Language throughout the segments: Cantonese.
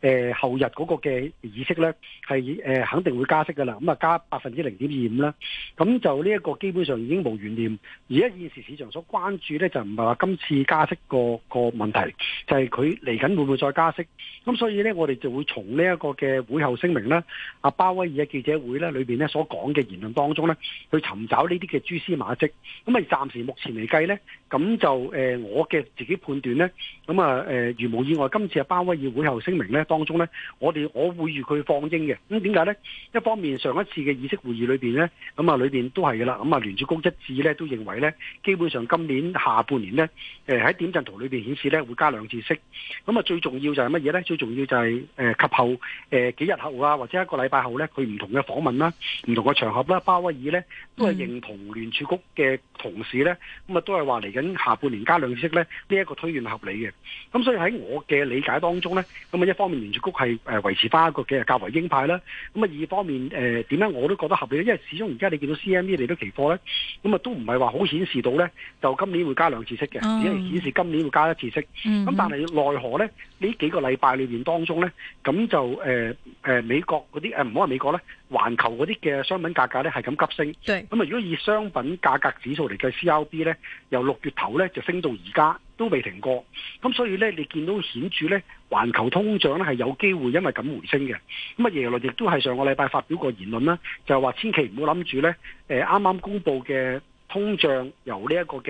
誒、呃、後日嗰個嘅議息咧，係、呃、肯定會加息㗎啦。咁啊，加百分之零點二五啦。咁就呢一個基本上已經無懸念。而家現時市場所關注咧，就唔係話今次加息個個問題，就係佢嚟緊會唔會再加息。咁所以咧，我哋就會從呢一個嘅會後聲明咧，阿鮑威爾嘅記者會咧裏面咧所講嘅言論當中咧，去尋找呢啲嘅蛛絲馬跡。咁啊，暫時目前嚟計咧，咁就誒、呃、我嘅自己判斷咧，咁、呃、啊如無意外，今次阿鮑威爾會後聲明咧。當中呢，我哋我會預佢放鷹嘅。咁點解呢？一方面，上一次嘅議息會議裏面呢，咁啊裏面都係噶啦。咁啊聯儲局一致呢，都認為呢，基本上今年下半年呢，誒喺點陣圖裏邊顯示呢，會加兩次息。咁啊最重要就係乜嘢呢？最重要就係、呃、及後誒、呃、幾日後啊，或者一個禮拜後呢，佢唔同嘅訪問啦、啊、唔同嘅場合啦、啊，鮑威爾呢，都係認同聯儲局嘅同事呢，咁啊都係話嚟緊下半年加兩次息呢，呢、這、一個推斷係合理嘅。咁所以喺我嘅理解當中呢。咁啊一方面。連住谷係誒維持翻一個幾日較為鷹派啦，咁啊二方面誒點樣我都覺得合理，因為始終而家你見到 CME 嚟到期貨咧，咁啊都唔係話好顯示到咧，就今年會加兩次息嘅，只、嗯、係顯示今年會加一次息，咁但係奈何咧，呢幾個禮拜裏邊當中咧，咁就誒誒、呃呃、美國嗰啲誒唔好話美國咧。環球嗰啲嘅商品價格咧係咁急升，咁啊如果以商品價格指數嚟計 C R B 咧，由六月頭咧就升到而家都未停過，咁所以咧你見到顯著咧，環球通脹咧係有機會因為咁回升嘅，咁啊耶倫亦都係上個禮拜發表過言論啦，就係話千祈唔好諗住咧，誒啱啱公佈嘅。通脹由這個到呢、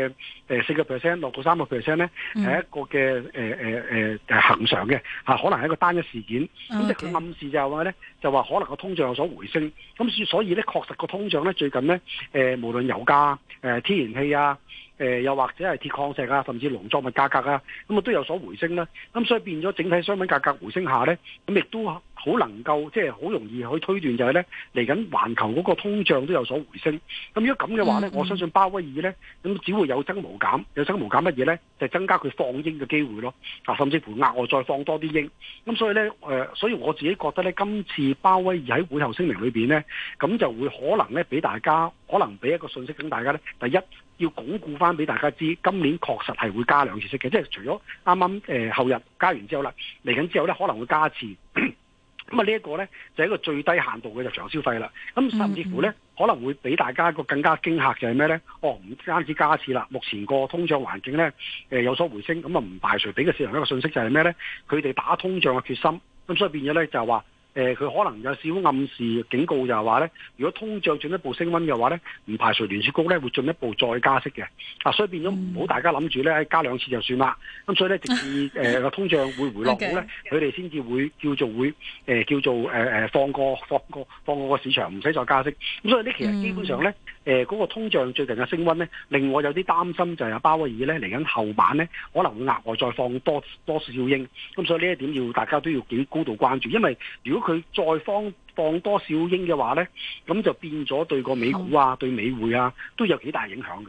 嗯、一個嘅誒四個 percent 落到三個 percent 咧，係一個嘅誒誒誒係恆常嘅嚇，可能係一個單一事件。咁即係佢暗示就係話咧，就話可能個通脹有所回升。咁所以咧，確實個通脹咧最近咧誒，無論油價、誒天然氣啊、誒又或者係鐵礦石啊，甚至農作物價格啊，咁啊都有所回升啦。咁所以變咗整體商品價格回升下咧，咁亦都好能夠即係好容易去推斷就係呢嚟緊環球嗰個通脹都有所回升。咁如果咁嘅話呢，嗯嗯我相信鮑威爾呢，咁只會有增無減。有增無減乜嘢呢？就係、增加佢放鷹嘅機會咯。啊，甚至乎額外再放多啲鷹，咁所以呢，誒、呃，所以我自己覺得呢，今次鮑威爾喺會後聲明裏面呢，咁就會可能呢，俾大家可能俾一個信息俾大家呢。第一，要鞏固翻俾大家知，今年確實係會加兩次息嘅，即、就、係、係、除咗啱啱後日加完之後啦，嚟緊之後呢可能會加一次。 咁、這、啊、個，呢一個咧就係、是、一個最低限度嘅日常消費啦。咁甚至乎咧可能會俾大家一個更加驚嚇嘅係咩咧？哦，唔單止加息啦，目前個通脹環境咧、呃、有所回升，咁啊唔排除俾個市場一個訊息就係咩咧？佢哋打通脹嘅決心，咁所以變咗咧就係話。誒、呃、佢可能有少少暗示警告，就係話咧，如果通脹進一步升溫嘅話呢，咧，唔排除聯儲局咧會進一步再加息嘅。啊，所以變咗唔好大家諗住咧加兩次就算啦。咁所以咧直至誒個、呃、通脹會回落到咧，佢哋先至會叫做會誒、呃、叫做誒誒、呃、放過放過放過個市場，唔使再加息。咁所以呢其實基本上咧誒個通脹最近嘅升溫咧，令我有啲擔心就係阿鮑威爾咧嚟緊後晚咧可能會額外再放多多少鷹。咁所以呢一點要大家都要幾高度關注，因為如果佢再方。.放多少鷹嘅話呢？咁就變咗對個美股啊、對美匯啊都有幾大影響嘅。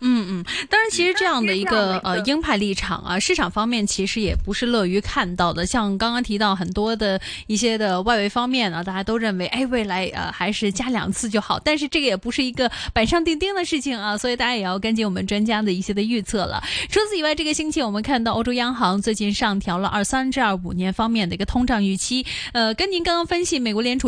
嗯嗯，當然其實這樣的一個、嗯、呃鷹派立場啊，市場方面其實也不是樂於看到的。像剛剛提到很多的一些的外圍方面啊，大家都認為，誒、哎、未來啊還是加兩次就好。但是這個也不是一個板上釘釘的事情啊，所以大家也要根據我們專家的一些的預測了。除此以外，這個星期我們看到歐洲央行最近上調了二三至二五年方面的一個通脹預期。呃，跟您剛剛分析美國聯儲。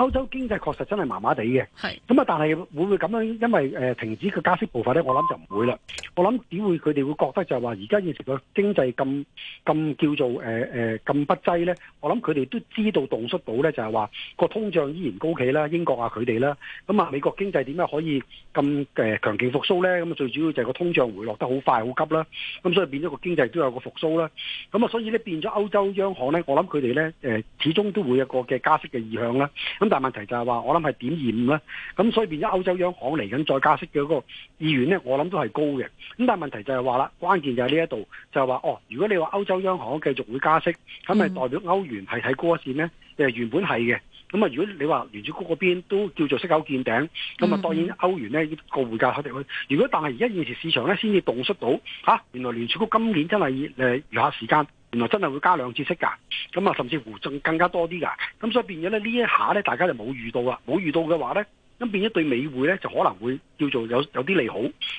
歐洲經濟確實真係麻麻地嘅，咁啊，但係會唔會咁樣？因為誒、呃、停止個加息步伐咧，我諗就唔會啦。我諗點會佢哋會覺得就係話，而家現時個經濟咁咁叫做誒誒咁不濟咧。我諗佢哋都知道動縮到咧，就係、是、話個通脹依然高企啦，英國啊佢哋啦。咁啊、嗯，美國經濟點解可以咁誒強勁復甦咧？咁、嗯、最主要就係個通脹回落得好快好急啦。咁、嗯、所以變咗個經濟都有個復甦啦。咁、嗯、啊，所以咧變咗歐洲央行咧，我諗佢哋咧誒始終都會有個嘅加息嘅意向啦。咁、嗯但問題就係話，我諗係點驗咧？咁所以變咗歐洲央行嚟緊再加息嘅嗰個意願咧，我諗都係高嘅。咁但問題就係話啦，關鍵就係呢一度就係、是、話，哦，如果你話歐洲央行繼續會加息，咁咪代表歐元係睇高一線呢？咧？誒，原本係嘅。咁啊，如果你話聯儲局嗰邊都叫做息口見頂，咁啊當然歐元咧個匯價睇定去。如果但係而家現時市場咧先至洞出到嚇、啊，原來聯儲局今年真係誒餘下時間。原來真係會加兩次息㗎，咁啊甚至乎仲更加多啲㗎，咁所以變咗咧呢一下咧，大家就冇遇到喇，冇遇到嘅話咧，咁變咗對美匯咧就可能會叫做有有啲利好，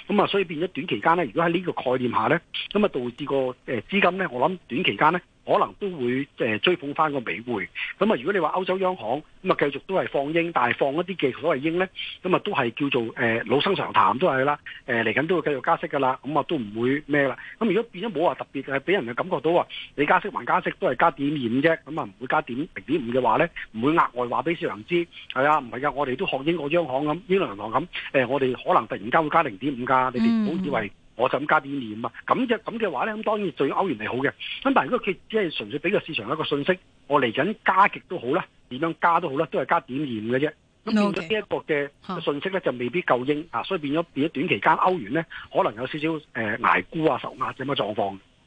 咁啊所以變咗短期間咧，如果喺呢個概念下咧，咁啊導致個誒資金咧，我諗短期間咧。 可能都會誒追捧翻個美匯，咁啊如果你話歐洲央行咁啊繼續都係放鷹，但係放一啲嘅所謂鷹咧，咁啊都係叫做誒、呃、老生常談都係啦，誒嚟緊都會繼續加息噶啦，咁啊都唔會咩啦，咁如果變咗冇話特別係俾人嘅感覺到話你加息還加息都係加點五啫，咁啊唔會加點零點五嘅話咧，唔會額外話俾市民知係啊，唔係噶，我哋都學英國央行咁英倫銀行咁，誒、呃、我哋可能突然間會加零點五噶，你哋唔好以為。我就咁加點染啊！咁嘅咁嘅話咧，咁當然對歐元係好嘅。咁但係如果佢只係純粹俾個市場一個信息，我嚟緊加極都好啦，點樣加都好啦，都係加點染嘅啫。咁變咗呢一個嘅信息咧，就未必夠鷹啊，所以變咗變咗短期間歐元咧，可能有少少誒捱沽啊、受壓咁嘅狀況。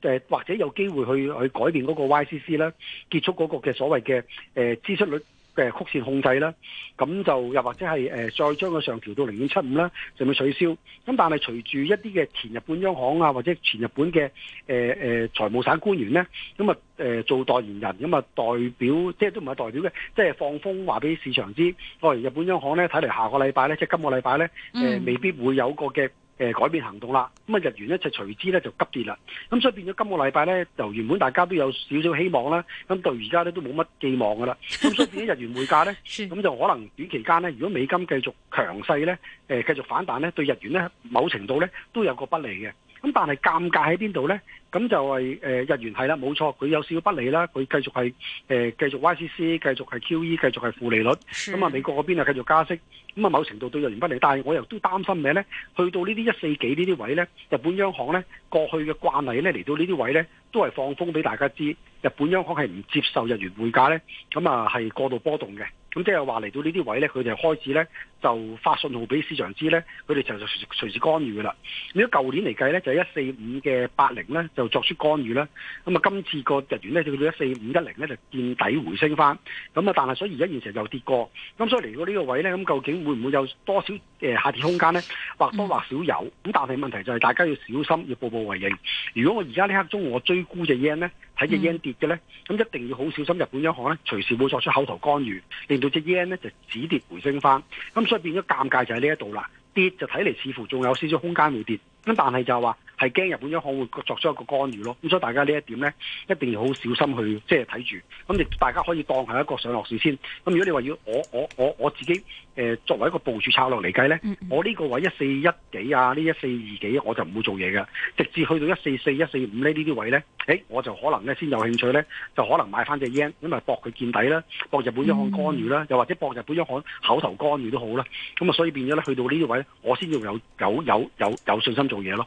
誒或者有機會去去改變嗰個 YCC 啦，結束嗰個嘅所謂嘅誒、呃、支出率嘅曲線控制啦，咁就又或者係誒、呃、再將佢上調到零點七五啦，甚至取消。咁但係隨住一啲嘅前日本央行啊，或者前日本嘅誒誒財務省官員咧，咁啊誒做代言人，咁、呃、啊代表即係都唔係代表嘅，即係放風話俾市場知，我、哎、哋日本央行咧睇嚟下個禮拜咧，即係今個禮拜咧誒未必會有個嘅。誒改變行動啦，咁啊日元呢就隨之呢就急跌啦，咁所以變咗今個禮拜呢，就原本大家都有少少希望啦，咁到而家呢都冇乜寄望噶啦，咁所以變咗日元匯價呢，咁 就可能短期間呢，如果美金繼續強勢呢，誒、呃、繼續反彈呢，對日元呢某程度呢都有個不利嘅。咁但係尷尬喺邊度呢？咁就係、是、誒、呃、日元係啦，冇錯，佢有少少不利啦。佢繼續係誒、呃、繼續 YCC，繼續係 QE，繼續係負利率。咁啊美國嗰邊啊繼續加息。咁啊某程度對日元不利，但係我又都擔心咩呢？去到呢啲一四幾呢啲位呢，日本央行呢過去嘅慣例呢，嚟到呢啲位呢，都係放風俾大家知，日本央行係唔接受日元匯價呢，咁啊係過度波動嘅。咁即係話嚟到呢啲位咧，佢哋開始咧就發信號俾市場知咧，佢哋就就隨，隨時干預噶啦。如果舊年嚟計咧，就一四五嘅八零咧就作出干預啦。咁啊，今次個日元咧就去到一四五一零咧就見底回升翻。咁啊，但係所以而家現時又跌過。咁所以嚟到呢個位咧，咁究竟會唔會有多少、呃、下跌空間咧？或多或少有。咁但係問題就係大家要小心，要步步為營。如果我而家呢刻中我追沽隻 yen 咧？睇隻 yen 跌嘅咧，咁一定要好小心日本央行咧，隨時會作出口頭干預，令到隻 yen 咧就止跌回升翻。咁所以變咗尷尬就喺呢一度啦，跌就睇嚟似乎仲有少少空間會跌，咁但係就話。係驚日本央行會作出一個干預咯，咁所以大家呢一點呢，一定要好小心去即係睇住。咁、就、你、是、大家可以當係一個上落市先。咁如果你話要我我我我自己、呃、作為一個部署策略嚟計呢，我呢個位一四一幾啊，呢一四二幾我就唔會做嘢嘅，直至去到一四四一四五呢呢啲位呢，誒、欸、我就可能呢先有興趣呢，就可能買翻隻 yen，咁咪博佢見底啦，博日本央行干預啦，又或者博日本央行口頭干預都好啦。咁啊，所以變咗呢去到呢啲位我先要有有有有有信心做嘢咯。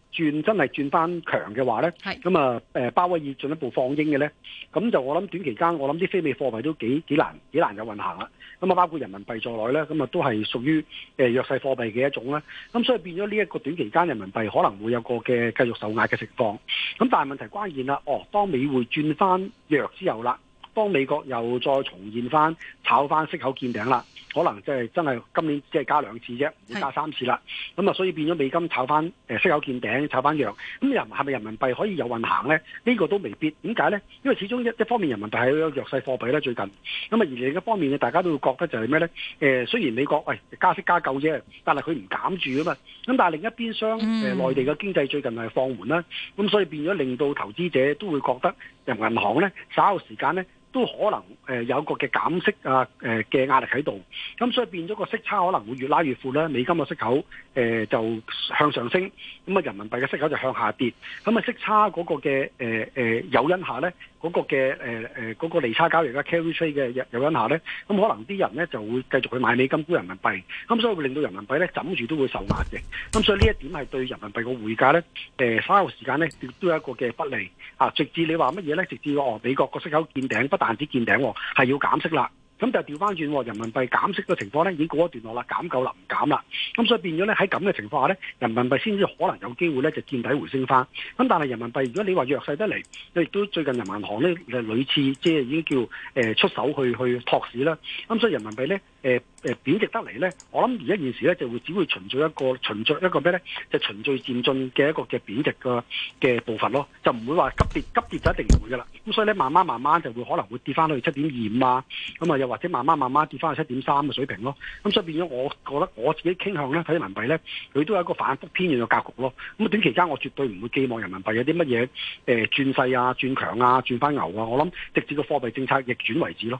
轉真係轉翻強嘅話呢，咁啊誒，鮑威爾進一步放鷹嘅呢。咁就我諗短期間我諗啲非美貨幣都幾幾難幾難有運行啦，咁啊包括人民幣在內呢，咁啊都係屬於、呃、弱勢貨幣嘅一種啦，咁所以變咗呢一個短期間人民幣可能會有個嘅繼續受壓嘅情況，咁但係問題關鍵啦，哦，當美匯轉翻弱之後啦。當美國又再重現翻炒翻息口見頂啦，可能即係真係今年即係加兩次啫，唔會加三次啦。咁啊，所以變咗美金炒翻誒息口見頂，炒翻弱。咁又係咪人民幣可以有運行咧？呢、呢個都未必。點解咧？因為始終一一方面人民幣係有弱勢貨幣咧，最近。咁啊，而另一方面嘅大家都會覺得就係咩咧？誒，雖然美國喂、哎、加息加夠啫，但係佢唔減住啊嘛。咁但係另一邊廂誒、嗯，內地嘅經濟最近係放緩啦。咁所以變咗令到投資者都會覺得人民銀行咧，稍後時間咧。都可能、呃、有個嘅減息啊嘅、呃、壓力喺度，咁所以變咗個息差可能會越拉越闊咧。美金嘅息口、呃、就向上升，咁啊人民幣嘅息口就向下跌，咁啊息差嗰個嘅呃、呃、誘因下咧。嗰、那個嘅誒嗰利差交易嘅 carry trade 嘅有有因下咧，咁、嗯、可能啲人咧就會繼續去買美金沽人民幣，咁、嗯、所以會令到人民幣咧枕住都會受壓嘅，咁、嗯、所以呢一點係對人民幣嘅匯價咧誒、呃、稍後時間咧亦都有一個嘅不利、啊、直至你話乜嘢咧？直至哦美國個息口見頂，不但止見頂，係要減息啦。咁就調翻轉，人民幣減息嘅情況咧，已經過一段落啦，減夠啦，唔減啦。咁所以變咗咧，喺咁嘅情況下咧，人民幣先至可能有機會咧，就見底回升翻。咁但係人民幣，如果你話弱勢得嚟，你亦都最近人民行咧，誒屢次即係已經叫誒出手去去托市啦。咁所以人民幣咧，誒誒貶值得嚟咧，我諗而家件事咧，就會只會循序一個循序一個咩咧，就循序漸進嘅一個嘅貶值嘅嘅部分咯，就唔會話急跌急跌就一定唔會噶啦。咁所以咧，慢慢慢慢就會可能會跌翻去七點二五啊，咁啊又。或者慢慢慢慢跌翻去七點三嘅水平咯，咁、嗯、所以變咗，我覺得我自己傾向咧，睇人民幣咧，佢都有一個反覆偏遠嘅格局咯。咁、嗯、短期間我絕對唔會寄望人民幣有啲乜嘢誒轉勢啊、轉強啊、轉翻牛啊，我諗直至個貨幣政策逆轉為止咯。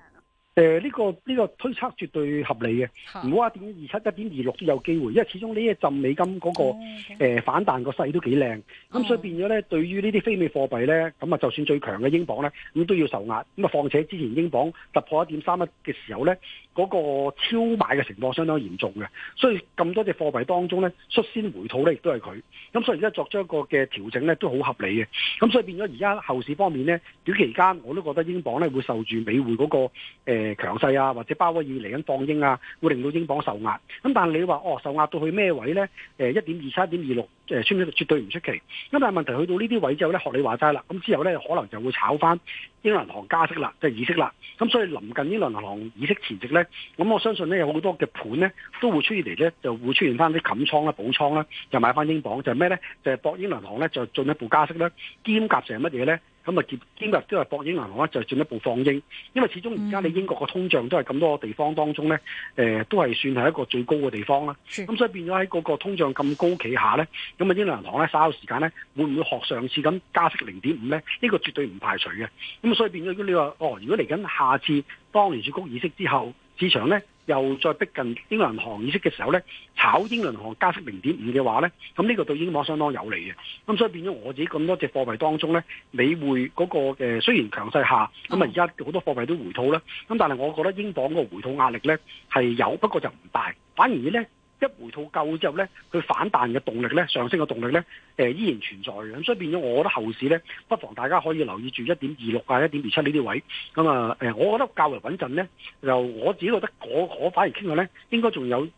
誒、呃，呢、這個呢、這個推測絕對合理嘅，唔好話一點二七一點二六都有機會，因為始終呢一浸美金嗰、那個誒、oh, okay. 呃、反彈個勢都幾靚，咁、oh. 嗯、所以變咗咧，對於呢啲非美貨幣咧，咁啊就算最強嘅英鎊咧，咁都要受壓，咁啊況且之前英鎊突破一點三一嘅時候咧，嗰、那個超買嘅情況相當嚴重嘅，所以咁多隻貨幣當中咧，率先回吐咧，亦都係佢，咁所以而家作出一個嘅調整咧，都好合理嘅，咁所以變咗而家後市方面咧，短期間我都覺得英鎊咧會受住美匯嗰、那個誒。呃誒強勢啊，或者鮑威爾嚟緊放鷹啊，會令到英鎊受壓。咁但係你話哦，受壓到去咩位咧？誒一點二三、點二六誒，唔穿絕對唔出奇。咁但係問題去到呢啲位後之後咧，學你話齋啦。咁之後咧，可能就會炒翻英銀行加息啦，即係議息啦。咁所以臨近英銀行議息前夕咧，咁我相信咧有好多嘅盤咧都會出現嚟咧，就會出現翻啲冚倉啦、補倉啦，又買翻英鎊。就係咩咧？就係、是、博英銀行咧，就進一步加息啦，兼夾成乜嘢咧？咁啊，今日都係博英銀行咧，就進一步放鷹，因為始終而家你英國嘅通脹都係咁多個地方當中咧、呃，都係算係一個最高嘅地方啦。咁所以變咗喺嗰個通脹咁高企下咧，咁啊，英倫銀行咧，稍有時間咧，會唔會學上次咁加息零點五咧？呢個絕對唔排除嘅。咁所以變咗如果你話哦，如果嚟緊下，下次當年息谷議息之後，市場咧？又再逼近英倫銀行議息嘅時候咧，炒英倫銀行加息零點五嘅話咧，咁呢個對英鎊相當有利嘅。咁所以變咗我自己咁多隻貨幣當中咧，你會嗰個誒雖然強勢下，咁啊而家好多貨幣都回吐啦。咁但係我覺得英鎊個回吐壓力咧係有，不過就唔大，反而咧。一回吐夠之後咧，佢反彈嘅動力咧，上升嘅動力咧，誒、呃、依然存在嘅，咁所以變咗，我覺得後市咧，不妨大家可以留意住一點二六啊、一點二七呢啲位，咁啊誒，我覺得較為穩陣咧，就我自己覺得我，我我反而傾向咧，應該仲有誒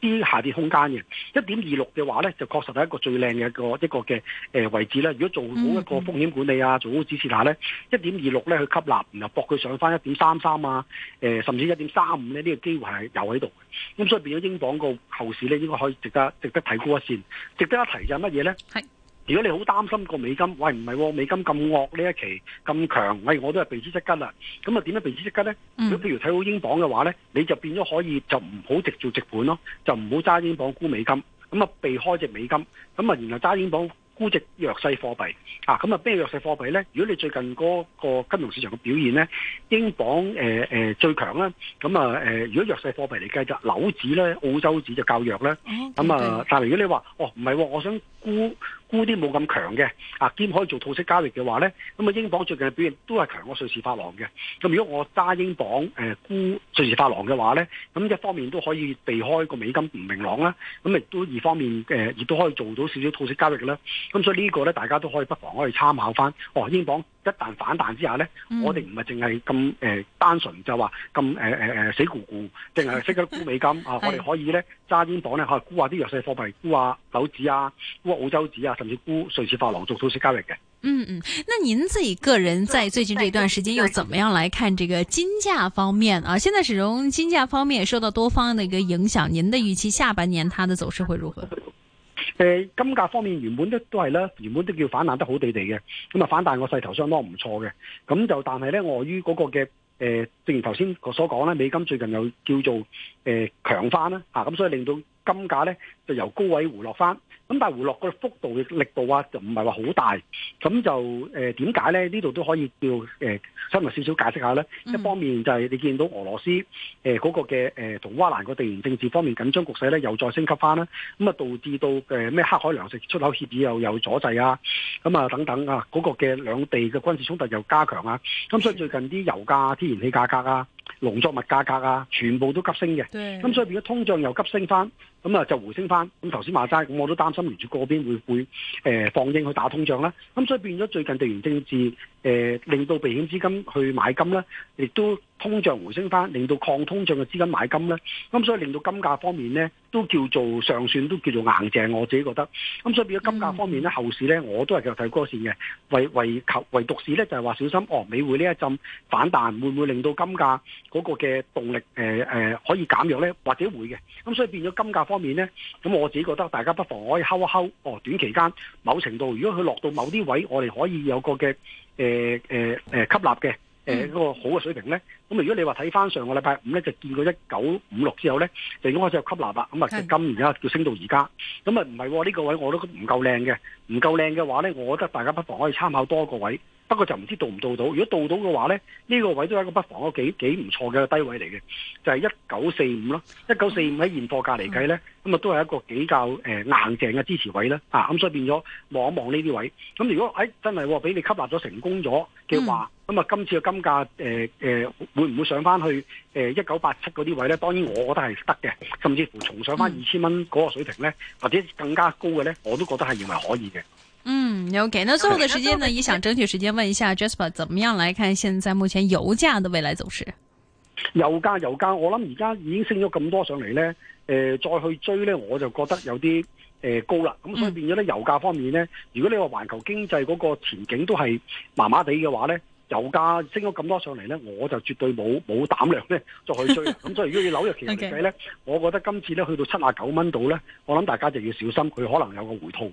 啲、呃、下跌空間嘅，一點二六嘅話咧，就確實係一個最靚嘅一個一個嘅誒位置咧。如果做好一個風險管理啊，做好指示下咧，一點二六咧去吸納，然後博佢上翻一點三三啊，誒、呃、甚至一點三五咧，呢、這個機會係有喺度。咁所以變咗，英鎊個後市咧，應該可以值得值得睇高一線，值得一提就係乜嘢咧？係、嗯、如果你好擔心個美金，喂唔係喎，美金咁惡呢一期咁強，喂、哎，我都係避之則吉啦。咁啊點樣避之則吉咧？咁、嗯、譬如睇好英鎊嘅話咧，你就變咗可以就唔好直做直盤咯，就唔好揸英鎊沽美金，咁啊避開隻美金，咁啊然後揸英鎊。估值弱勢貨幣啊，咁啊，咩弱勢貨幣咧？如果你最近嗰個金融市場嘅表現咧，英鎊誒誒最強啦、啊，咁啊誒、呃，如果弱勢貨幣嚟計，就樓指咧、澳洲指就較弱咧，咁、欸、啊，但係如果你話哦，唔係喎，我想估。沽啲冇咁強嘅，啊兼可以做套息交易嘅話呢。咁啊英鎊最近嘅表現都係強過瑞士法郎嘅。咁如果我揸英鎊誒沽瑞士法郎嘅話呢，咁一方面都可以避開個美金唔明朗啦，咁亦都二方面誒亦、呃、都可以做到少少套息交易啦。咁所以呢個呢，大家都可以不妨可以參考翻。哦，英鎊。一旦反彈之下呢、嗯，我哋唔係淨係咁誒單純就話咁誒誒誒死咕咕，淨係識得沽美金 啊！我哋可以呢揸啲磅呢，可以沽下啲弱勢貨幣，沽下紐紙啊，沽下澳洲紙啊，甚至沽瑞士法郎做套息交易嘅。嗯嗯，那您自己個人在最近這段時間又怎麼樣來看這個金價方面啊？現在始終金價方面受到多方嘅一個影響，您的預期下半年它的走勢會如何？嗯嗯誒、呃，金價方面原本都都係啦，原本都叫反彈得好地地嘅，咁啊反彈個勢頭相當唔錯嘅，咁就但係咧礙於嗰個嘅誒、呃，正如頭先我所講咧，美金最近又叫做誒強翻啦，啊咁所以令到金價咧就由高位回落翻。咁但係回落個幅度嘅力度啊，就唔係話好大。咁就誒點解咧？呃、呢度都可以叫誒、呃，稍微少少解釋下咧。一方面就係你見到俄羅斯誒嗰、呃那個嘅誒同華蘭個地緣政治方面緊張局勢咧，又再升級翻啦。咁啊，導致到誒咩、呃、黑海糧食出口協議又又阻滯啊。咁啊，等等啊，嗰、那個嘅兩地嘅軍事衝突又加強啊。咁所以最近啲油價、天然氣價格啊。農作物價格啊，全部都急升嘅，咁、嗯、所以變咗通脹又急升翻，咁、嗯、啊就回升翻。咁頭先話齋，咁我都擔心聯儲嗰邊會會、呃、放鷹去打通脹啦。咁、嗯、所以變咗最近地緣政治。誒、呃、令到避險資金去買金咧，亦都通脹回升翻，令到抗通脹嘅資金買金咧，咁所以令到金價方面咧都叫做尚算都叫做硬淨，我自己覺得。咁所以變咗金價方面咧、嗯，後市咧我都係繼續睇高線嘅，唯唯求唯獨是咧就係話小心，哦美匯呢一陣反彈會唔會令到金價嗰個嘅動力誒、呃呃、可以減弱咧？或者會嘅，咁所以變咗金價方面咧，咁我自己覺得大家不妨可以睺一睺哦短期間某程度，如果佢落到某啲位，我哋可以有個嘅誒誒誒吸納嘅誒嗰個好嘅水平咧，咁啊如果你話睇翻上個禮拜五咧就見到一九五六之後咧就已經開始有吸納啦，咁啊今年而家叫升到而家，咁啊唔係呢個位我都唔夠靚嘅，唔夠靚嘅話咧，我覺得大家不妨可以參考多一個位。不過就唔知到唔到到，如果到到嘅話呢，呢、這個位都係一個不妨嗰幾幾唔錯嘅低位嚟嘅，就係一九四五咯，一九四五喺現貨價嚟計呢，咁、嗯、啊、嗯、都係一個比較誒、呃、硬淨嘅支持位啦，啊咁所以變咗望一望呢啲位，咁、嗯、如果誒、哎、真係俾你吸納咗成功咗嘅話，咁、嗯、啊今次嘅金價誒誒、呃呃、會唔會上翻去誒一九八七嗰啲位呢？當然我覺得係得嘅，甚至乎重上翻二千蚊嗰個水平呢、嗯，或者更加高嘅呢，我都覺得係認為可以嘅。OK，、嗯、那最後的時間呢，也想爭取時間問一下 Jasper，怎麼樣來看現在目前油價的未來走勢？油價，油價，我諗而家已經升咗咁多上嚟咧，誒、呃，再去追咧，我就覺得有啲誒、呃、高啦。咁所以變咗咧，油價方面咧，如果你話環球經濟嗰個前景都係麻麻地嘅話咧，油價升咗咁多上嚟咧，我就絕對冇冇膽量咧再去追了。咁 所以如果要紐約期油計咧，okay，我覺得今次咧去到七十九蚊度咧，我諗大家就要小心，佢可能有個回吐。